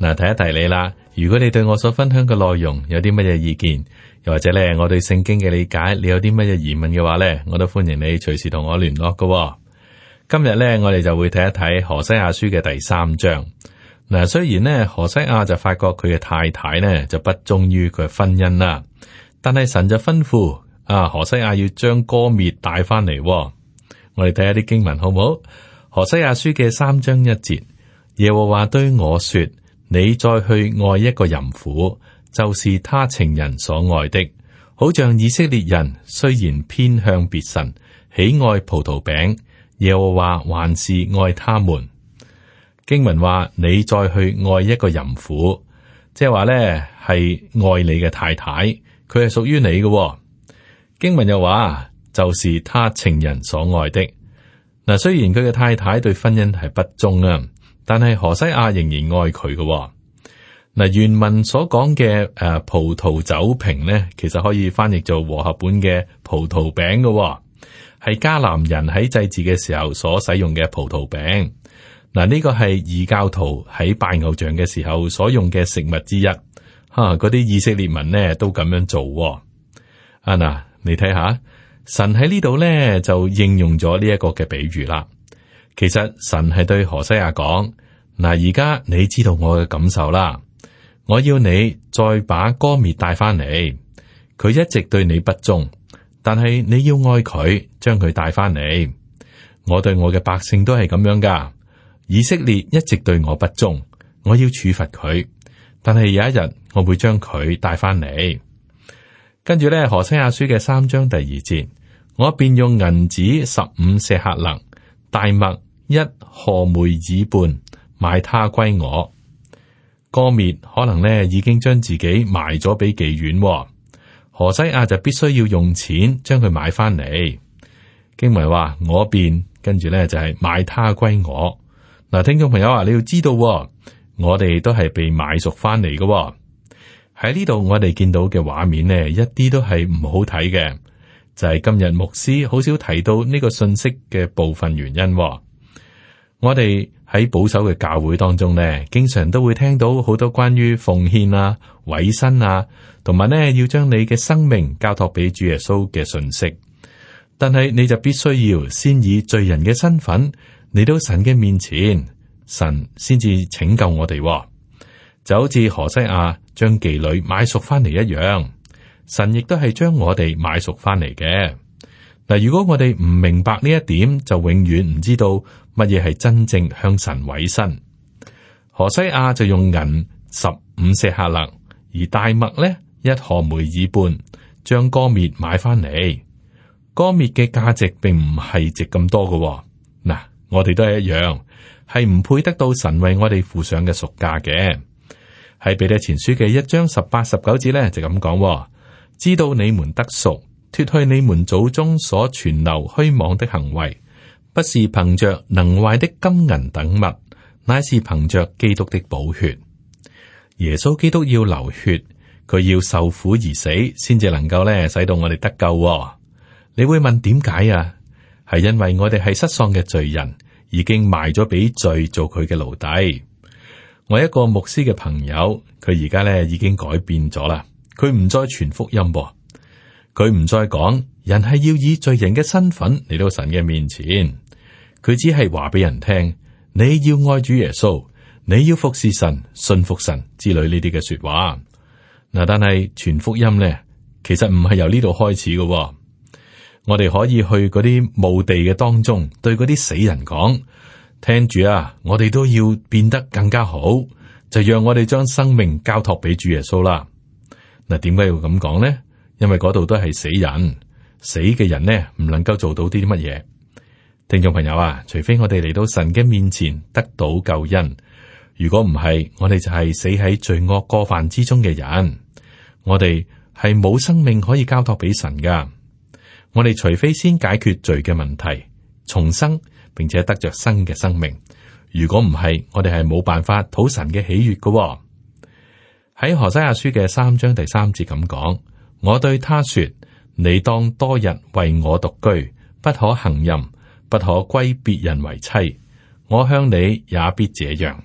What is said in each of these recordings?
嗱，睇一睇你啦。如果你對我所分享嘅內容有啲乜嘢意見，又或者咧，我對聖經嘅理解，你有啲乜嘢疑問嘅話咧，我都歡迎你隨時同我聯絡㗎喎。今日咧，我哋就會睇一睇何西阿書嘅第三章。嗱，雖然咧何西阿就發覺佢嘅太太咧就不忠於佢嘅婚姻啦，但係神就吩咐啊何西阿要將歌篾帶翻嚟喎。我哋睇一啲經文好唔好？何西阿書嘅三章一節，耶和華對我說。你再去愛一個淫婦，就是他情人所愛的，好像以色列人雖然偏向別神，喜愛葡萄餅，耶和華還是愛他們。經文話你再去愛一個淫婦，即係話呢係愛你嘅太太，佢係屬於你嘅。經文又話，就是他情人所愛的。嗱，雖然佢嘅太太對婚姻係不忠啊。但係何西阿仍然愛佢嘅。嗱，原文所講嘅誒葡萄酒瓶咧，其實可以翻譯做和合本嘅葡萄餅嘅。哦，係迦南人喺祭祀嘅時候所使用嘅葡萄餅。嗱，啊，呢個係異教徒喺拜偶像嘅時候所用嘅食物之一，吓嗰啲以色列文呢都咁樣做。哦。阿、啊、娜，你睇下，神喺呢度咧就應用咗呢一個嘅比喻啦。其實神係對何西阿講：嗱，而家你知道我嘅感受啦，我要你再把歌篾帶翻嚟。佢一直對你不忠，但係你要愛佢，將佢帶翻嚟。我對我嘅百姓都係咁樣噶。以色列一直對我不忠，我要處罰佢，但係有一日我會將佢帶翻嚟。跟住咧，何西阿書嘅三章第二節，我便用銀子十五舍客勒。大麥一賀梅珥半，買他歸我。哥滅可能咧已經將自己賣咗俾妓院，何西阿就必須要用錢將佢買翻嚟。經文話我便跟住咧就係買他歸我。嗱，聽眾朋友啊，你要知道，我哋都係被買贖翻嚟嘅。喺呢度我哋見到嘅畫面呢，一啲都係唔好睇嘅。就係今日牧師好少提到呢個信息嘅部分原因、哦，我哋喺保守嘅教會當中呢，經常都會聽到好多關於奉獻啊、委身啊，同埋呢要將你嘅生命交託俾主耶穌嘅信息。但係你就必須要先以罪人嘅身份嚟到神嘅面前，神先至拯救我哋、哦，就好似何西阿將妓女買贖翻嚟一樣。神亦都係將我哋買贖翻嚟嘅。嗱，如果我哋唔明白呢一點，就永遠唔知道乜嘢係真正向神委身。何西亞就用銀十五舍客勒，而大麥呢一禾梅爾半，將歌蔑買翻嚟。歌蔑嘅價值並唔係值咁多嘅。嗱，我哋都係一樣，係唔配得到神為我哋付上嘅贖價嘅。喺彼得前書嘅一章十八十九節咧就咁講。知道你們得贖，脱去你們祖宗所存留虛妄的行為，不是憑着能壞的金銀等物，乃是憑着基督的寶血。耶穌基督要流血，佢要受苦而死，先至能夠呢使到我哋得救，哦。你會問點解啊？係因為我哋係失喪嘅罪人，已經賣咗俾罪做佢嘅奴隸。我一個牧師嘅朋友，佢而家呢已經改變咗啦。佢唔再傳福音喎，佢唔再講人係要以罪人嘅身份嚟到神嘅面前。佢只係話俾人聽，你要愛主耶穌，你要服侍神、信服神之類呢啲嘅說話。嗱，但係傳福音咧，其實唔係由呢度開始㗎。我哋可以去嗰啲墓地嘅當中，對嗰啲死人講，聽住啊，我哋都要變得更加好，就讓我哋將生命交託俾主耶穌啦。嗱，點解要咁講咧？因為嗰度都係死人，死嘅人咧，唔能夠做到啲乜嘢。聽眾朋友啊，除非我哋嚟到神嘅面前得到救恩，如果唔係，我哋就係死喺罪惡過犯之中嘅人。我哋係冇生命可以交託俾神噶。我哋除非先解決罪嘅問題，重生並且得着新嘅生命，如果唔係，我哋係冇辦法討神嘅喜悅噶哦。喺何西阿書嘅三章第三節咁講，我對他說：你當多日為我獨居，不可行淫，不可歸別人為妻。我向你也必這樣。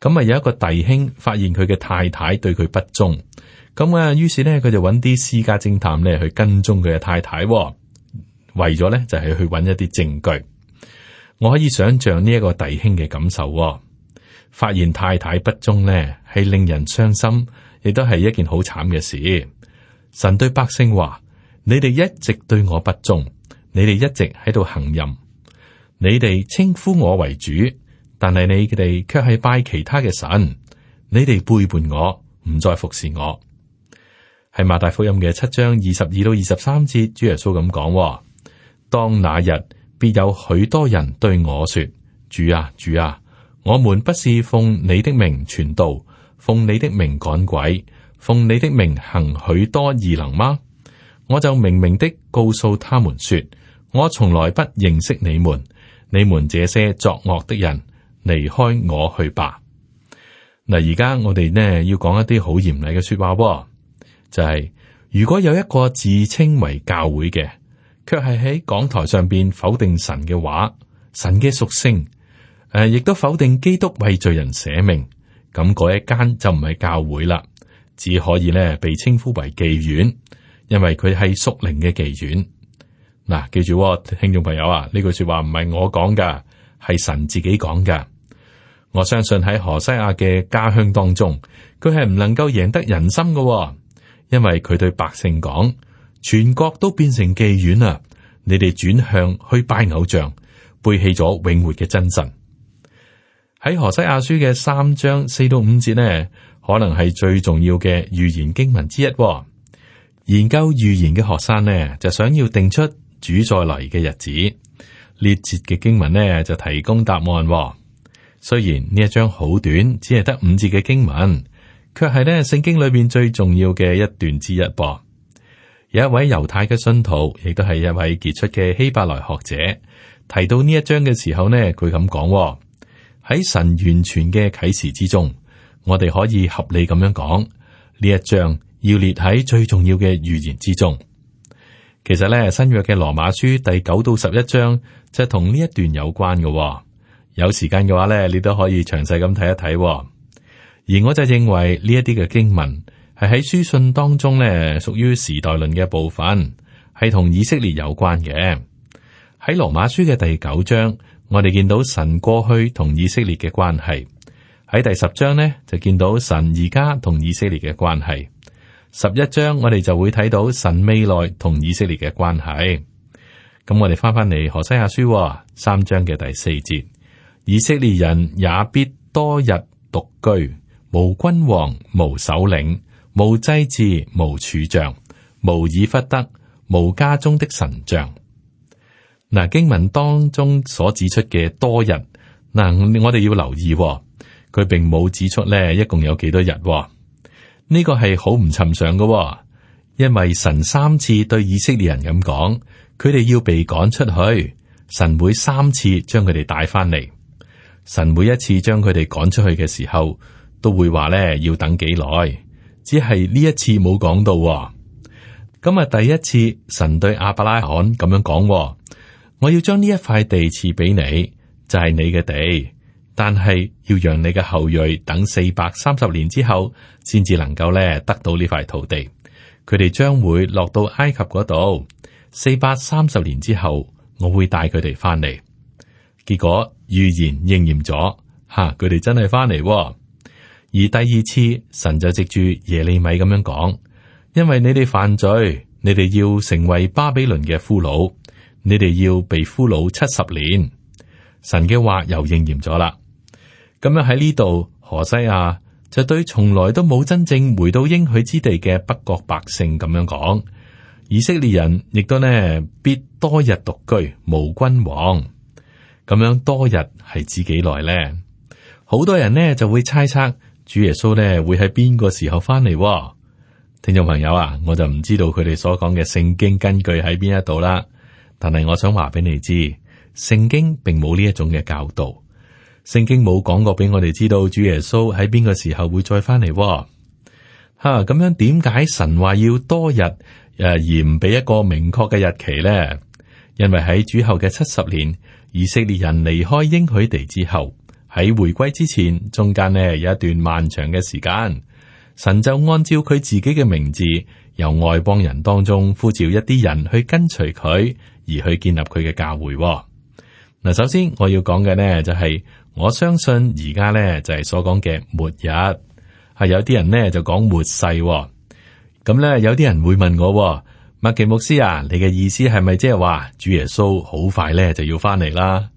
咁、嗯、啊，有一個弟兄發現佢嘅太太對佢不忠，咁、嗯、啊，於是呢，佢就揾啲私家偵探咧去跟蹤佢嘅太太，為咗呢，就係去揾一啲證據。我可以想象呢一個弟兄嘅感受。發現太太不忠呢，係令人傷心，亦都係一件好慘嘅事。神對百姓話：你哋一直對我不忠，你哋一直喺度行淫，你哋稱呼我為主，但係你哋卻係拜其他嘅神，你哋背叛我，唔再服侍我。係馬太福音嘅七章二十二到二十三節，主耶穌咁講：當那日，必有許多人對我說：主啊，主啊。我們不是奉你的名傳道，奉你的名趕鬼，奉你的名行許多異能嗎？我就明明的告訴他們說，我從來不認識你們，你們這些作惡的人，離開我去吧。嗱，而家我哋呢要講一啲好嚴厲嘅說話，就係如果有一個自稱為教會嘅，卻係喺講台上邊否定神嘅話，神嘅屬性。誒，亦都否定基督為罪人捨命，咁嗰一間就唔係教會啦，只可以呢被稱呼為妓院，因為佢係屬靈嘅妓院。嗱、啊，記住、哦，聽眾朋友啊，呢句話說話唔係我講噶，係神自己講噶。我相信喺何西阿嘅家鄉當中，佢係唔能夠贏得人心噶、哦，因為佢對百姓講，全國都變成妓院啦，你哋轉向去拜偶像，背棄咗永活嘅真神。喺何西阿書嘅三章四到五節呢，可能係最重要嘅預言經文之一，哦。研究預言嘅學生呢，就想要定出主再來嘅日子。列節嘅經文呢，就提供答案，哦。雖然呢一章好短，只係得五節嘅經文，卻係呢聖經裏面最重要嘅一段之一，哦。噃，有一位猶太嘅信徒，亦都係一位傑出嘅希伯來學者，提到呢一章嘅時候呢，佢咁講。喺神完全嘅啟示之中，我哋可以合理咁樣講呢一章要列喺最重要嘅預言之中。其實咧，新約嘅羅馬書第九到十一章就係同呢一段有關嘅、哦。有時間嘅話咧，你都可以詳細咁睇一睇、哦。而我就認為呢一啲嘅經文係喺書信當中咧，屬於時代論嘅部分，係同以色列有關嘅。喺羅馬書嘅第九章。我哋見到神過去同以色列嘅關係，喺第十章呢，就見到神而家同以色列嘅關係。十一章我哋就會睇到神未來同以色列嘅關係。咁我哋翻返嚟何西阿書、哦、三章嘅第四節，以色列人也必多日獨居，無君王，無首領，無祭祀、無柱像，無以弗得，無家中的神像。嗱，經文當中所指出嘅多日，嗱，我哋要留意喎，佢並冇指出咧，一共有幾多日喎。呢、這個係好唔尋常噶喎，因為神三次對以色列人咁講，佢哋要被趕出去，神會三次將佢哋帶翻嚟。神每一次將佢哋趕出去嘅時候，都會話咧要等幾耐，只係呢一次冇講到喎。今日第一次神對亞伯拉罕咁樣講。我要將呢一塊地賜俾你，就係、是、你嘅地，但係要讓你嘅後裔等四百三十年之後，先至能夠咧得到呢塊土地。佢哋將會落到埃及嗰度，四百三十年之後，我會帶佢哋翻嚟。結果預言應驗咗，吓佢哋真係翻嚟喎。而第二次神就藉住耶利米咁樣講，因為你哋犯罪，你哋要成為巴比倫嘅俘虜。你哋要被俘虜七十年，神嘅話又應驗咗啦。咁樣喺呢度，何西阿就對從來都冇真正回到應許之地嘅北國百姓咁樣講：以色列人亦都呢必多日獨居，無君王。咁樣多日係指幾耐呢？好多人呢就會猜測主耶穌呢會喺邊個時候翻嚟？聽眾朋友啊，我就唔知道佢哋所講嘅聖經根據喺邊一度啦。但係我想話俾你知，聖經並冇呢一種嘅教導。聖經冇講過俾我哋知道主耶穌喺邊個時候會再翻嚟。吓、啊、咁樣，點解神話要多日誒，而唔俾一個明確嘅日期呢？因為喺主後嘅七十年，以色列人離開應許地之後，喺回歸之前，中間呢有一段漫長嘅時間，神就按照佢自己嘅名字，由外邦人當中呼召一啲人去跟隨佢。而去建立佢嘅教會嗱、哦，首先我要講嘅呢就係我相信而家呢就係所講嘅末日係有啲人呢就講末世咁、喎、呢，有啲人會問我、喎、麥奇牧師啊，你嘅意思係咪即係話主耶穌好快呢就要翻嚟啦？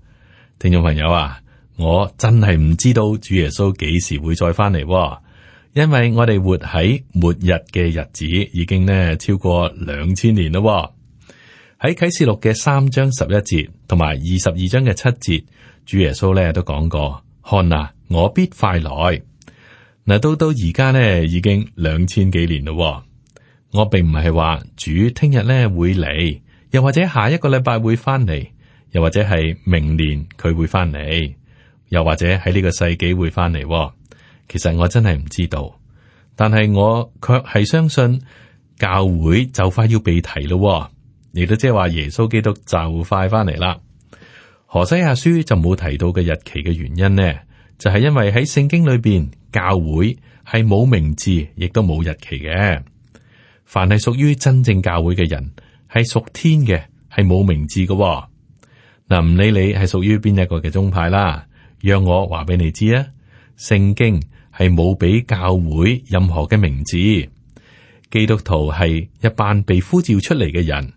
聽眾朋友啊，我真係唔知道主耶穌幾時會再翻嚟、喎，因為我哋活喺末日嘅日子已經呢超過兩千年啦、喎。喺啟示錄嘅三章十一節同埋二十二章嘅七節，主耶穌咧都講過：「看啊，我必快來嗱。到到而家咧，已經兩千幾年咯。我並唔係話主聽日咧會嚟，又或者下一個禮拜會翻嚟，又或者係明年佢會翻嚟，又或者喺呢個世紀會翻嚟。其實我真係唔知道，但係我卻係相信教會就快要被提咯。亦都即係話耶穌基督就快翻嚟啦。何西阿書就冇提到嘅日期嘅原因呢？就係因為喺聖經裏邊，教會係冇名字，亦都冇日期嘅。凡係屬於真正教會嘅人係屬天嘅，係冇名字嘅哦。嗱，唔理你係屬於邊一個嘅宗派啦，讓我話俾你知啊。聖經係冇俾教會任何嘅名字，基督徒係一班被呼召出嚟嘅人。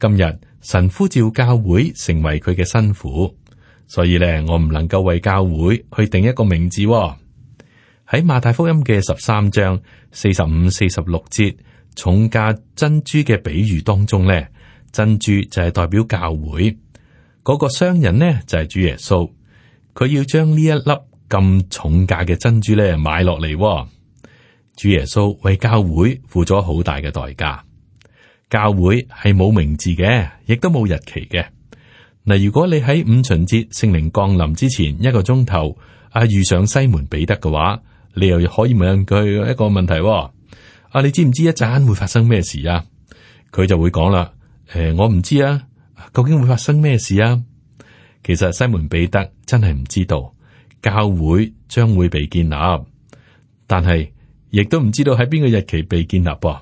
今日神呼召教會成為佢嘅辛苦，所以咧我唔能夠為教會去定一個名字喎。喺馬太福音嘅十三章四十五、四十六節重價珍珠嘅比喻當中咧，珍珠就係代表教會，嗰個商人呢就係主耶穌，佢要將呢一粒咁重價嘅珍珠咧買落嚟。主耶穌為教會付咗好大嘅代價。教會係冇名字嘅，亦都冇日期嘅。嗱，如果你喺五旬節聖靈降臨之前一個鐘頭啊遇上西門彼得嘅話，你又可以問佢一個問題喎：啊，你知唔知一陣會發生咩事啊？佢就會講啦。誒，我唔知啊，究竟會發生咩事啊？其實西門彼得真係唔知道教會將會被建立，但係亦都唔知道喺邊個日期被建立噃。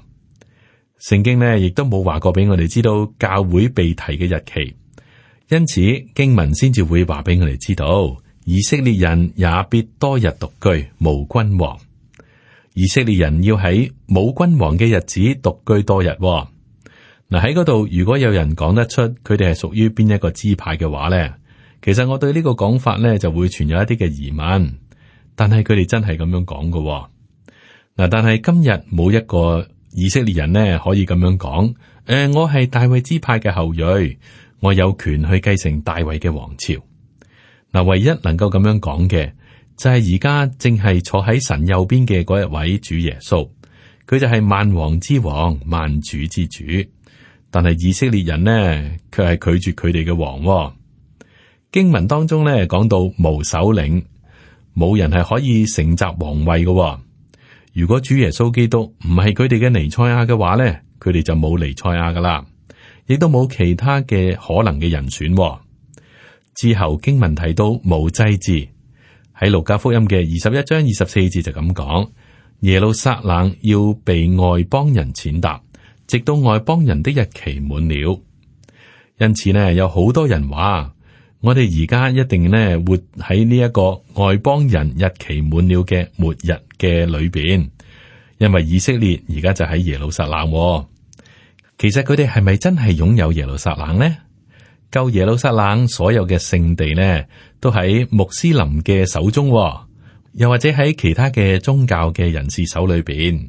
聖經呢亦都冇話過俾我哋知道教會被提嘅日期，因此經文先至會話俾我哋知道，以色列人也必多日獨居無君王。以色列人要喺冇君王嘅日子獨居多日。嗱喺嗰度，如果有人講得出佢哋係屬於邊一個支派嘅話咧，其實我對呢個講法咧就會存有一啲嘅疑問。但係佢哋真係咁樣講嘅嗱，但係今日冇一個。以色列人呢可以咁樣講，誒、呃，我係大衛支派嘅後裔，我有權去繼承大衛嘅王朝。嗱，唯一能夠咁樣講嘅就係而家正係坐喺神右邊嘅嗰一位主耶穌，佢就係萬王之王、萬主之主。但係以色列人呢，卻係拒絕佢哋嘅王、哦。經文當中呢講到無首領，冇人係可以承襲皇位嘅、哦。如果主耶穌基督唔係佢哋嘅尼賽亞嘅話呢，佢哋就冇尼賽亞噶啦，亦都冇其他嘅可能嘅人選、哦。之後經文提到冇祭祀，喺路加福音嘅二十一章二十四節就咁講。耶路撒冷要被外邦人踐踏，直到外邦人的日期滿了。因此呢，有好多人話。我哋而家一定呢活喺呢一個外邦人日期滿了嘅末日嘅裏邊，因為以色列而家就喺耶路撒冷，哦。其實佢哋係咪真係擁有耶路撒冷呢？舊耶路撒冷所有嘅聖地呢，都喺穆斯林嘅手中，又或者喺其他嘅宗教嘅人士手裏邊。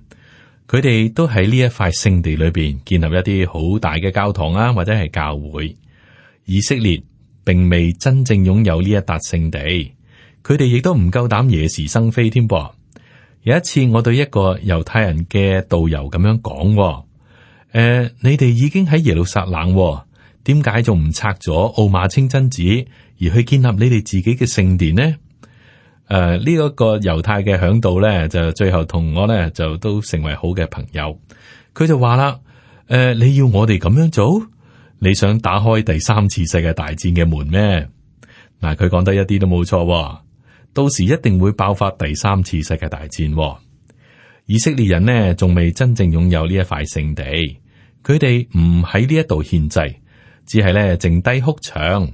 佢哋都喺呢一塊聖地裏邊建立一啲好大嘅教堂啊，或者係教會，以色列並未真正擁有呢一笪聖地，佢哋亦都唔夠膽惹是生非添噃。有一次，我對一個猶太人嘅導遊咁樣講：，誒、呃，你哋已經喺耶路撒冷，點解仲唔拆咗奧馬清真寺，而去建立你哋自己嘅聖殿呢？誒、呃，這個、猶呢一個猶太嘅嚮導咧，就最後同我咧就都成為好嘅朋友。佢就話啦：，誒、呃，你要我哋咁樣做？你想打開第三次世界大戰嘅門咩？嗱、啊，佢講得一啲都冇錯、喎，到時一定會爆發第三次世界大戰、喎。以色列人呢，仲未真正擁有呢一塊聖地，佢哋唔喺呢一度獻祭，只係呢，剩低哭牆。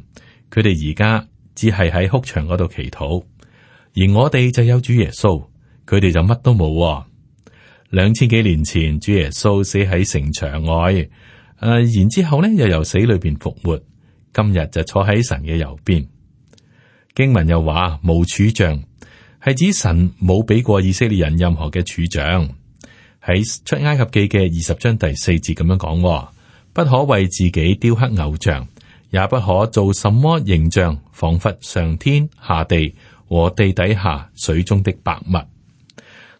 佢哋而家只係喺哭牆嗰度祈禱，而我哋就有主耶穌，佢哋就乜都冇、喎。兩千幾年前，主耶穌死喺城牆外。誒，然之後咧，又由死裏邊復活，今日就坐喺神嘅右邊。經文又話「無柱像」係指神冇俾過以色列人任何嘅柱像。喺出埃及記嘅二十章第四節咁樣講，不可為自己雕刻偶像，也不可做什麼形象，仿佛上天下地和地底下水中的百物。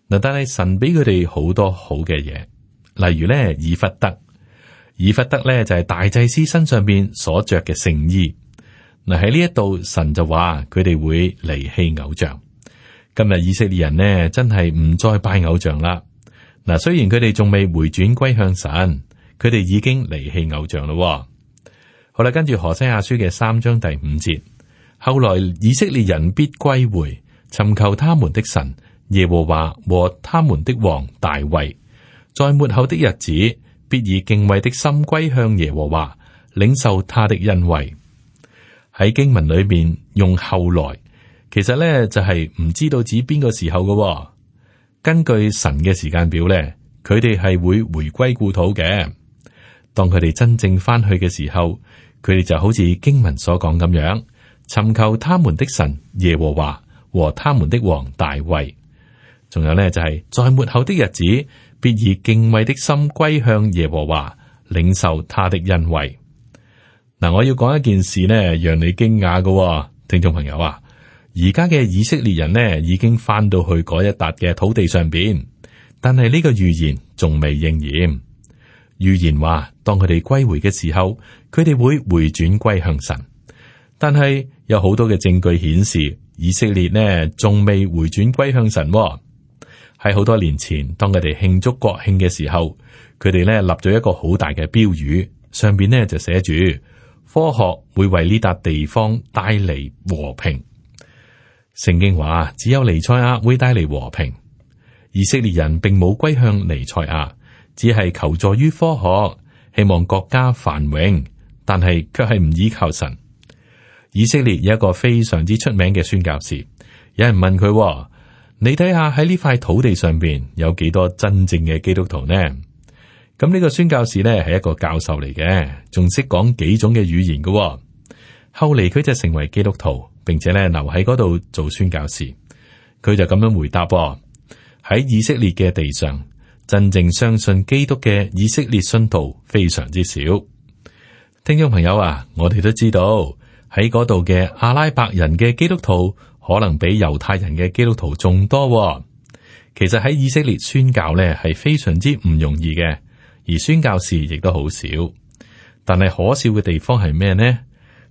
嗱，但係神俾佢哋好多好嘅嘢，例如呢：「以弗得。」以弗得咧就係、是、大祭司身上邊所着嘅聖衣。嗱，喺呢一度，神就話佢哋會離棄偶像。今日以色列人呢，真係唔再拜偶像啦。嗱，雖然佢哋仲未回轉歸向神，佢哋已經離棄偶像啦。好啦，跟住何西阿書嘅三章第五節，後來以色列人必歸回，尋求他們的神耶和華和他們的王大衛，在末後的日子。必以敬畏的心歸向耶和華，領受他的恩惠。喺經文裏面，用後來，其實咧就係、是、唔知道指邊個時候嘅、哦。根據神嘅時間表咧，佢哋係會回歸故土嘅。當佢哋真正翻去嘅時候，佢哋就好似經文所講咁樣，尋求他們的神耶和華和他們的王大衛。仲有咧就係、是、在末後的日子。必以敬畏的心歸向耶和華，領受他的恩惠。嗱，我要講一件事呢，讓你驚訝嘅，聽眾朋友啊，而家嘅以色列人呢已經翻到去嗰一笪嘅土地上邊，但係呢個預言仲未應驗。預言話，當佢哋歸回嘅時候，佢哋會回轉歸向神。但係有好多嘅證據顯示，以色列呢仲未回轉歸向神。喺好多年前，當佢哋慶祝國慶嘅時候，佢哋呢立咗一個好大嘅標語，上邊呢就寫住科學會為呢笪地方帶嚟和平。聖經話只有彌賽亞會帶嚟和平。以色列人並冇歸向彌賽亞，只係求助於科學，希望國家繁榮，但係卻係唔依靠神。以色列有一個非常之出名嘅宣教士，有人問佢。你睇下喺呢塊土地上邊有幾多真正嘅基督徒呢？咁呢個宣教士呢係一個教授嚟嘅，仲識講幾種嘅語言噶喎。後嚟佢就成為基督徒，並且呢留喺嗰度做宣教士。佢就咁樣回答喎：喺以色列嘅地上，真正相信基督嘅以色列信徒非常之少。聽眾朋友啊，我哋都知道喺嗰度嘅阿拉伯人嘅基督徒。可能比猶太人嘅基督徒仲多哦。其實喺以色列宣教咧，係非常之唔容易嘅，而宣教士亦都好少。但係可笑嘅地方係咩呢？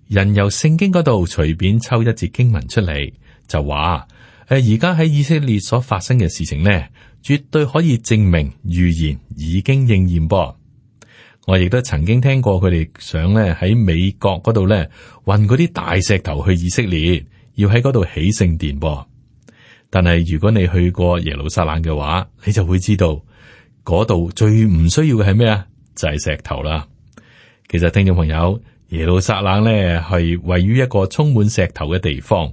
人由聖經嗰度隨便抽一節經文出嚟，就話誒，而家喺以色列所發生嘅事情呢，絕對可以證明預言已經應驗噃。我亦都曾經聽過佢哋想咧喺美國嗰度咧運嗰啲大石頭去以色列。要喺嗰度起聖殿噃，但係如果你去過耶路撒冷嘅話，你就會知道嗰度最唔需要嘅係咩啊？就係石頭啦。其實聽眾朋友，耶路撒冷咧係位於一個充滿石頭嘅地方，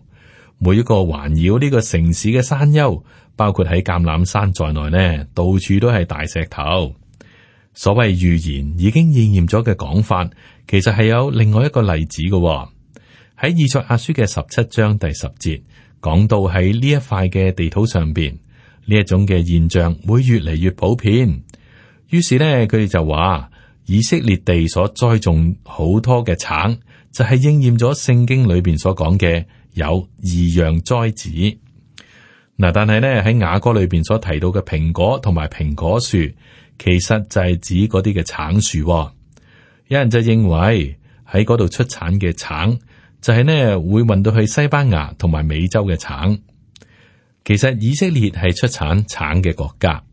每一個環繞呢個城市嘅山丘，包括喺橄欖山在內呢，到處都係大石頭。所謂預言已經應驗咗嘅講法，其實係有另外一個例子嘅。喺《以賽亞書》嘅十七章第十節講到喺呢一塊嘅地圖上邊呢一種嘅現象會越嚟越普遍。於是呢，佢哋就話以色列地所栽種好多嘅橙就係、是、應驗咗聖經裏邊所講嘅有異樣栽子嗱。但係呢，喺雅歌裏邊所提到嘅蘋果同埋蘋果樹，其實就係指嗰啲嘅橙樹、哦。有人就認為喺嗰度出產嘅橙。就係呢，會運到去西班牙同埋美洲嘅橙。其實以色列係出產橙嘅國家，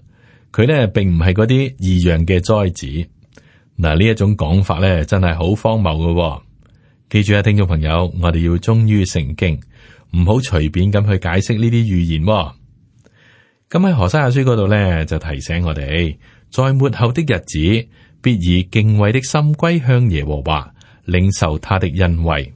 佢呢並唔係嗰啲異樣嘅栽子嗱。呢一種講法呢真係好荒謬嘅、哦。記住啊，聽眾朋友，我哋要忠於聖經，唔好隨便咁去解釋呢啲預言、哦。咁喺何西阿書嗰度呢，就提醒我哋，在末後的日子，必以敬畏的心歸向耶和華，領受他的恩惠。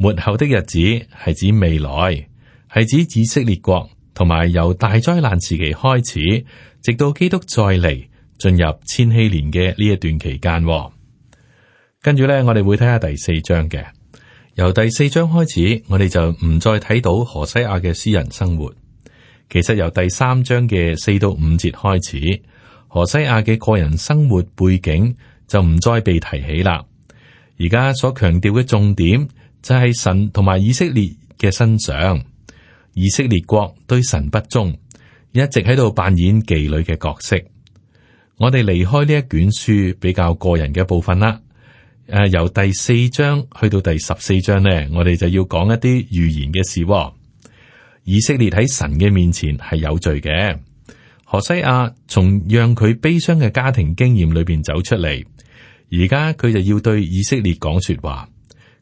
末後的日子係指未來，係指以色列國同埋由大災難時期開始，直到基督再嚟進入千禧年嘅呢一段期間。跟住呢，我哋會睇下第四章嘅，由第四章開始，我哋就唔再睇到何西阿嘅私人生活。其實由第三章嘅四到五節開始，何西阿嘅個人生活背景就唔再被提起啦。而家所強調嘅重點。就喺神同埋以色列嘅身上，以色列國對神不忠，一直喺度扮演妓女嘅角色。我哋離開呢一卷書比較個人嘅部分啦。誒、呃，由第四章去到第十四章呢，我哋就要講一啲預言嘅事，哦。以色列喺神嘅面前係有罪嘅。何西阿從讓佢悲傷嘅家庭經驗裏邊走出嚟，而家佢就要對以色列講說話。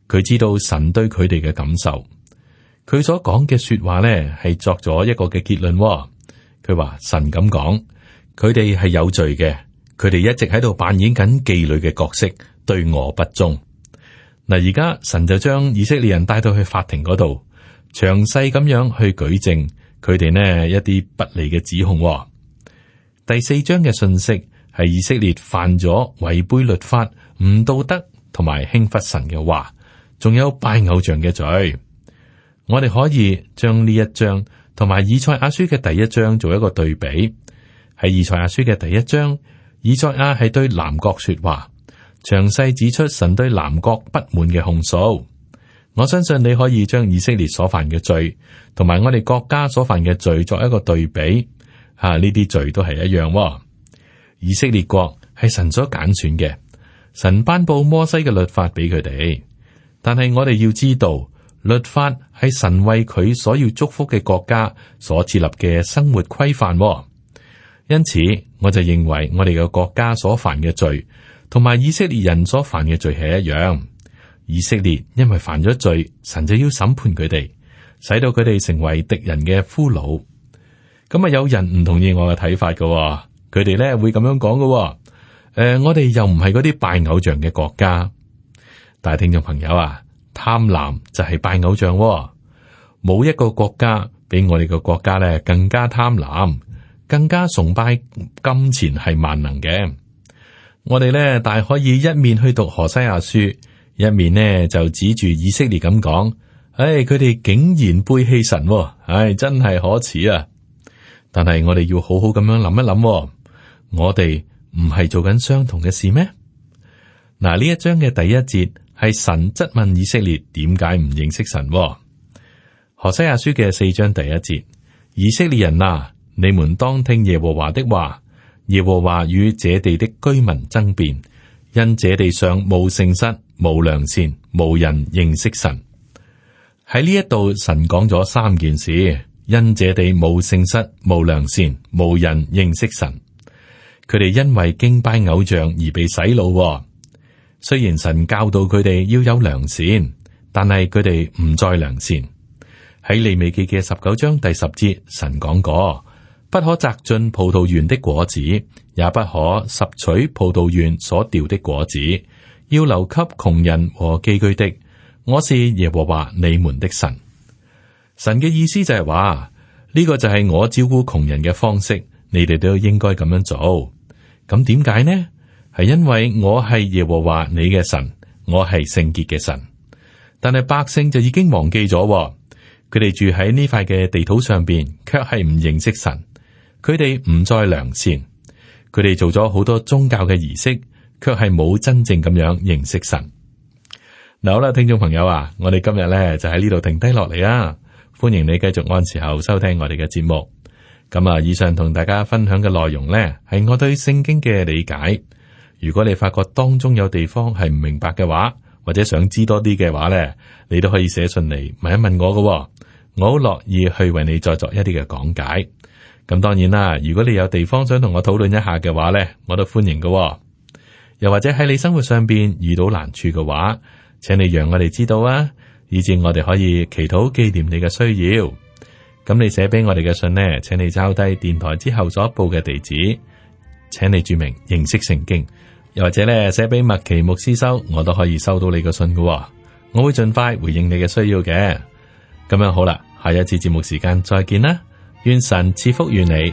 佢知道神對佢哋嘅感受，佢所講嘅說話呢係作咗一個嘅結論，哦。佢話神咁講，佢哋係有罪嘅，佢哋一直喺度扮演緊妓女嘅角色，對我不忠。嗱，而家神就將以色列人帶到去法庭嗰度，詳細咁樣去舉證佢哋呢一啲不利嘅指控，哦。第四章嘅信息係以色列犯咗違背律法、唔道德，同埋輕忽神嘅話。仲有拜偶像嘅罪，我哋可以將呢一章同埋以賽亞書嘅第一章做一個對比。係以賽亞書嘅第一章，以賽亞係對南國說話，詳細指出神對南國不滿嘅控訴。我相信你可以將以色列所犯嘅罪同埋我哋國家所犯嘅罪作一個對比。啊，呢啲罪都係一樣哦。以色列國係神所揀選嘅，神頒布摩西嘅律法俾佢哋。但係我哋要知道，律法係神為佢所要祝福嘅國家，所設立嘅生活規範、哦。因此，我就認為我哋嘅國家所犯嘅罪，同埋以色列人所犯嘅罪係一樣。以色列因為犯咗罪，神就要審判佢哋，使到佢哋成為敵人嘅俘虜。咁啊，有人唔同意我嘅睇法嘅、哦，佢哋咧會咁樣講嘅、哦。誒、呃，我哋又唔係嗰啲拜偶像嘅國家。但係聽眾朋友啊，貪婪就係拜偶像喎，冇一個國家比我哋個國家咧更加貪婪，更加崇拜金錢係萬能嘅。我哋咧大可以一面去讀何西阿書，一面呢就指住以色列咁講，唉，哎，佢哋竟然背棄神喎，唉，哎，真係可恥啊！但係我哋要好好咁樣諗一諗喎，我哋唔係做緊相同嘅事咩？嗱，呢一章嘅第一節。係神質問以色列點解唔認識神？何西阿書嘅四章第一節：以色列人啊，你們當聽耶和華的話。耶和華與這地的居民爭辯，因這地上冇誠實，無良善，無人認識神。喺呢一度，神講咗三件事：因這地冇誠實，無良善，無人認識神。佢哋因為敬拜偶像而被洗腦。雖然神教導佢哋要有良善，但係佢哋唔再良善。喺利未記嘅十九章第十節，神講過：不可摘盡葡萄園的果子，也不可拾取葡萄園所掉的果子，要留給窮人和寄居的。我是耶和華你們的神。神嘅意思就係話，呢個就係我照顧窮人嘅方式，你哋都應該咁樣做。咁點解呢？係因為我係耶和華你嘅神，我係聖潔嘅神，但係百姓就已經忘記咗，佢哋住喺呢塊嘅地土上邊，卻係唔認識神，佢哋唔再良善，佢哋做咗好多宗教嘅儀式，卻係冇真正咁樣認識神。嗱好啦，聽眾朋友啊，我哋今日咧就喺呢度停低落嚟啊，歡迎你繼續按時候收聽我哋嘅節目。咁啊，以上同大家分享嘅內容呢，係我對聖經嘅理解。如果你發覺當中有地方係唔明白嘅話，或者想知多啲嘅話呢，你都可以寫信嚟問一問我㗎喎，我好樂意去為你再作一啲嘅講解。咁當然啦，如果你有地方想同我討論一下嘅話呢，我都歡迎㗎喎。又或者喺你生活上邊遇到難處嘅話，請你讓我哋知道啊，以致我哋可以祈禱紀念你嘅需要。咁你寫俾我哋嘅信呢，請你抄低電台之後所報嘅地址，請你注明認識聖經。又或者咧，寫俾麥奇牧師收，我都可以收到你個信噶，我會盡快回應你嘅需要嘅。咁樣好啦，下一次節目時間再見啦，願神賜福於你。